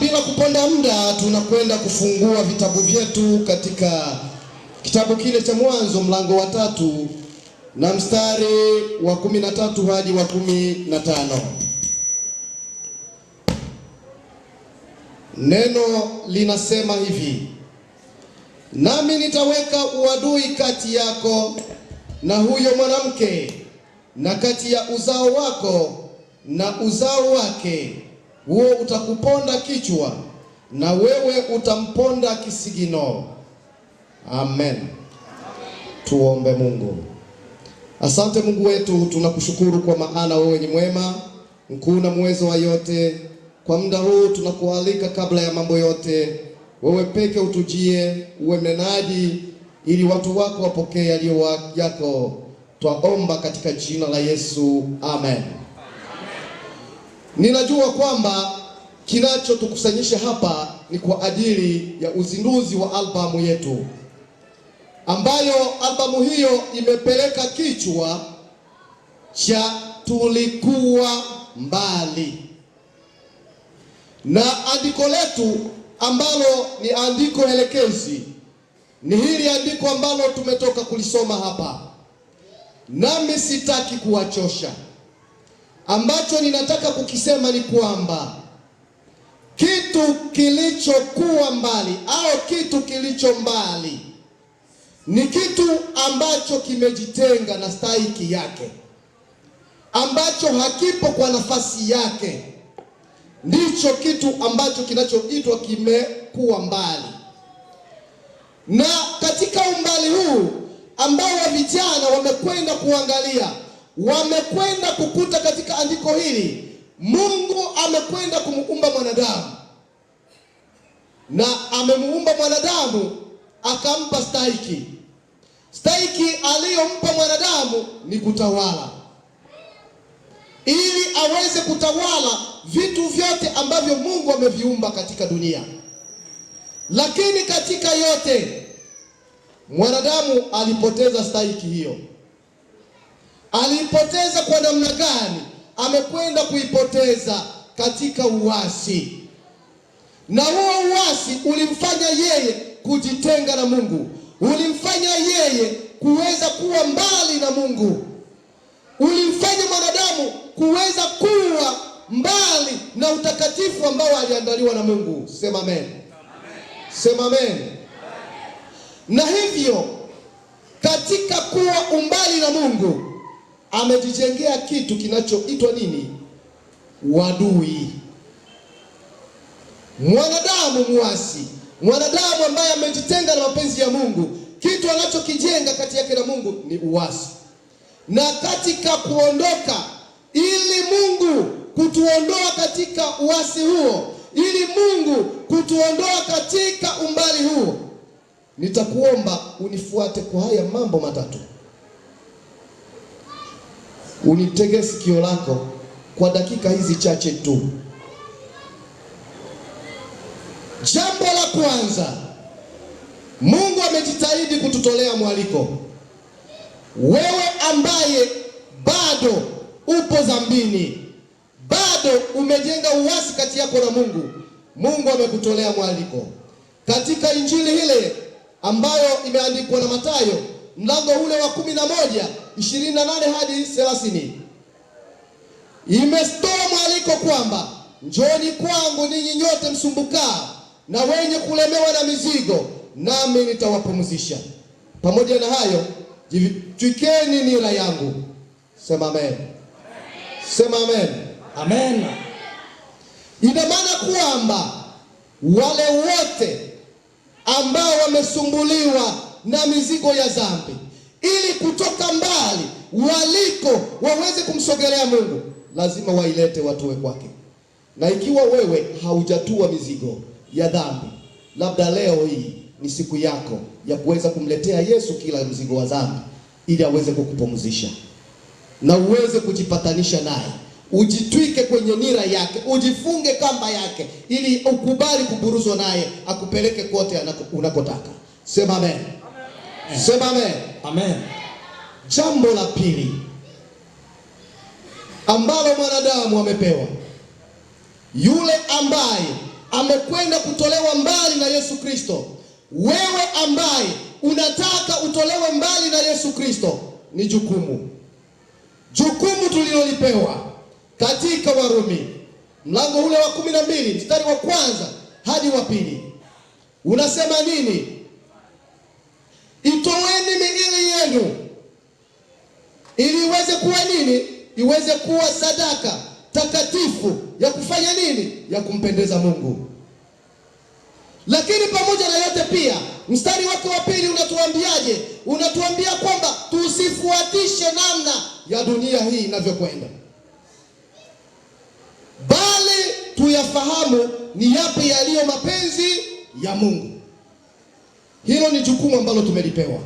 bila kuponda muda, tunakwenda kufungua vitabu vyetu katika kitabu kile cha Mwanzo mlango wa tatu na mstari wa kumi na tatu hadi wa kumi na tano. Neno linasema hivi: nami nitaweka uadui kati yako na huyo mwanamke na kati ya uzao wako na uzao wake huo utakuponda kichwa na wewe utamponda kisigino. Amen. Tuombe Mungu. Asante Mungu wetu, tunakushukuru kwa maana wewe ni mwema, mkuu na mwezo wa yote. Kwa muda huu tunakualika, kabla ya mambo yote, wewe peke utujie, uwe mnenaji, ili watu wako wapokee yaliyo yako. Twaomba katika jina la Yesu, amen. Ninajua kwamba kinachotukusanyisha hapa ni kwa ajili ya uzinduzi wa albamu yetu, ambayo albamu hiyo imepeleka kichwa cha tulikuwa mbali, na andiko letu ambalo ni andiko elekezi ni hili andiko ambalo tumetoka kulisoma hapa, nami sitaki kuwachosha. Ambacho ninataka kukisema ni kwamba kitu kilichokuwa mbali au kitu kilicho mbali ni kitu ambacho kimejitenga na stahiki yake, ambacho hakipo kwa nafasi yake, ndicho kitu ambacho kinachoitwa kimekuwa mbali. Na katika umbali huu ambao wa vijana wamekwenda kuangalia wamekwenda kukuta katika andiko hili Mungu amekwenda kumuumba mwanadamu na amemuumba mwanadamu akampa stahiki. Stahiki aliyompa mwanadamu ni kutawala, ili aweze kutawala vitu vyote ambavyo Mungu ameviumba katika dunia. Lakini katika yote mwanadamu alipoteza stahiki hiyo aliipoteza kwa namna gani? Amekwenda kuipoteza katika uasi, na huo uasi ulimfanya yeye kujitenga na Mungu, ulimfanya yeye kuweza kuwa mbali na Mungu, ulimfanya mwanadamu kuweza kuwa mbali na utakatifu ambao aliandaliwa na Mungu. Sema amen, amen. Sema amen, amen. Na hivyo katika kuwa umbali na Mungu amejijengea kitu kinachoitwa nini? Wadui. Mwanadamu mwasi, mwanadamu ambaye amejitenga na mapenzi ya Mungu, kitu anachokijenga kati yake na Mungu ni uasi, na katika kuondoka, ili Mungu kutuondoa katika uasi huo, ili Mungu kutuondoa katika umbali huo, nitakuomba unifuate kwa haya mambo matatu unitege sikio lako kwa dakika hizi chache tu. Jambo la kwanza, Mungu amejitahidi kututolea mwaliko. Wewe ambaye bado upo dhambini, bado umejenga uasi kati yako na Mungu, Mungu amekutolea mwaliko katika Injili ile ambayo imeandikwa na Mathayo mlango ule wa kumi na moja 28 hadi 30. Imetoa mwaliko kwamba njoni kwangu ninyi nyote msumbukaa na wenye kulemewa na mizigo, nami nitawapumzisha. Pamoja na hayo, jitwikeni nira yangu. Sema amen, sema amen, amen. Ina maana kwamba wale wote ambao wamesumbuliwa na mizigo ya dhambi ili kutoka mbali waliko waweze kumsogelea Mungu, lazima wailete watue kwake. Na ikiwa wewe haujatua mizigo ya dhambi, labda leo hii ni siku yako ya kuweza kumletea Yesu kila mzigo wa dhambi, ili aweze kukupumzisha na uweze kujipatanisha naye, ujitwike kwenye nira yake, ujifunge kamba yake, ili ukubali kuburuzwa naye, akupeleke kote unakotaka. Sema amen, amen. Sema amen. Amen. Jambo la pili ambalo mwanadamu amepewa, yule ambaye amekwenda kutolewa mbali na Yesu Kristo. Wewe ambaye unataka utolewe mbali na Yesu Kristo, ni jukumu, jukumu tulilolipewa katika Warumi mlango ule wa kumi na mbili mstari wa kwanza hadi wa pili unasema nini? itoeni miili yenu ili iweze kuwa nini? Iweze kuwa sadaka takatifu ya kufanya nini? Ya kumpendeza Mungu. Lakini pamoja na yote pia, mstari wake wa pili unatuambiaje? Unatuambia kwamba tusifuatishe namna ya dunia hii inavyokwenda, bali tuyafahamu ni yapi yaliyo mapenzi ya Mungu. Hilo ni jukumu ambalo tumelipewa.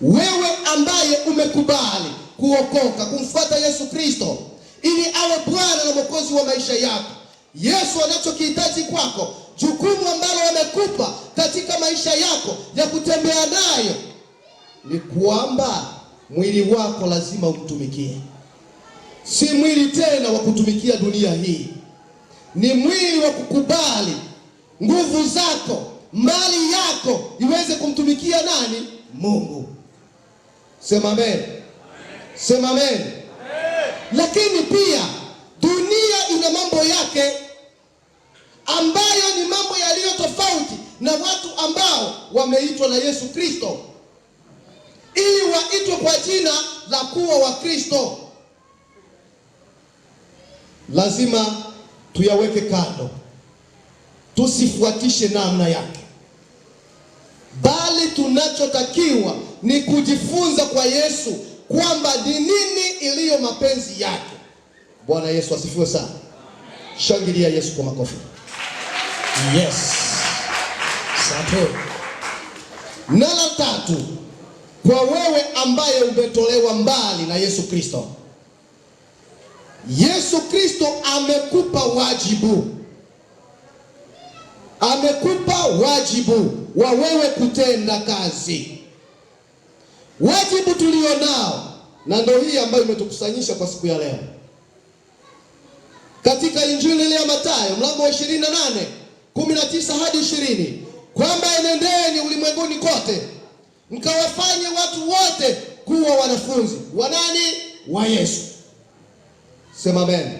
Wewe ambaye umekubali kuokoka kumfuata Yesu Kristo ili awe Bwana na Mwokozi wa maisha yako, Yesu anachokihitaji kwako, jukumu ambalo amekupa katika maisha yako ya kutembea nayo, ni kwamba mwili wako lazima umtumikie. Si mwili tena wa kutumikia dunia hii, ni mwili wa kukubali nguvu zako mali yako iweze kumtumikia nani? Mungu. Sema amen, sema amen. Lakini pia dunia ina mambo yake ambayo ni mambo yaliyo tofauti na watu ambao wameitwa na Yesu Kristo ili waitwe kwa jina la kuwa wa kristo Lazima tuyaweke kando, tusifuatishe namna yake bali tunachotakiwa ni kujifunza kwa Yesu kwamba ni nini iliyo mapenzi yake. Bwana Yesu asifiwe sana. Shangilia Yesu kwa makofi. Yes. Sante. Na la tatu, kwa wewe ambaye umetolewa mbali na Yesu Kristo, Yesu Kristo amekupa wajibu, amekupa wajibu wa wewe kutenda kazi, wajibu tulio nao, na ndio hii ambayo imetukusanyisha kwa siku ya leo. Katika Injili ile ya Mathayo mlango wa 28 19 hadi 20, kwamba enendeni ulimwenguni kote mkawafanye watu wote kuwa wanafunzi wa nani? Wa Yesu. Sema amen,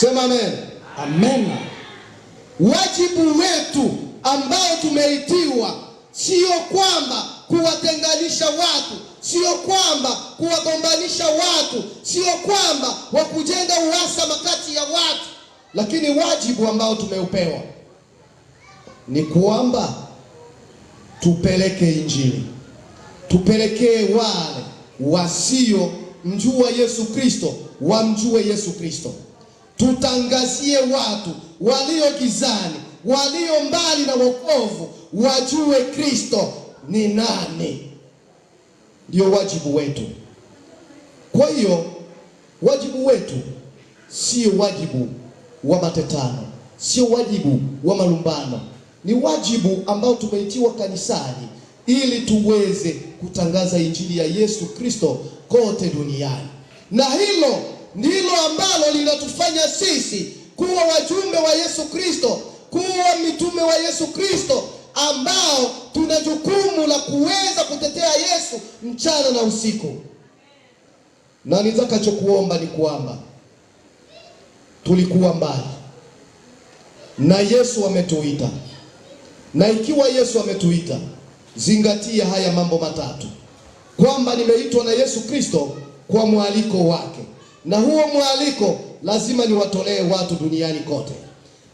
sema amen, amen. Wajibu wetu ambao tumeitiwa, sio kwamba kuwatenganisha watu, sio kwamba kuwagombanisha watu, sio kwamba wa kujenga uhasama kati ya watu, lakini wajibu ambao tumeupewa ni kwamba tupeleke Injili, tupelekee wale wasio mjua Yesu Kristo wamjue Yesu Kristo, tutangazie watu walio gizani walio mbali na wokovu wajue Kristo ni nani. Ndio wajibu wetu. Kwa hiyo wajibu wetu sio wajibu wa matetano, sio wajibu wa malumbano, ni wajibu ambao tumeitiwa kanisani ili tuweze kutangaza injili ya Yesu Kristo kote duniani, na hilo ndilo ambalo linatufanya sisi kuwa wajumbe wa Yesu Kristo kuwa mitume wa Yesu Kristo ambao tuna jukumu la kuweza kutetea Yesu mchana na usiku. Na nitakachokuomba ni kwamba tulikuwa mbali na Yesu ametuita, na ikiwa Yesu ametuita, zingatia haya mambo matatu, kwamba nimeitwa na Yesu Kristo kwa mwaliko wake, na huo mwaliko lazima niwatolee watu duniani kote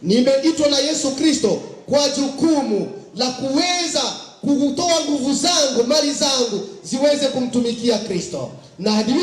nimeitwa na Yesu Kristo kwa jukumu la kuweza kutoa nguvu zangu, mali zangu ziweze kumtumikia Kristo na hadi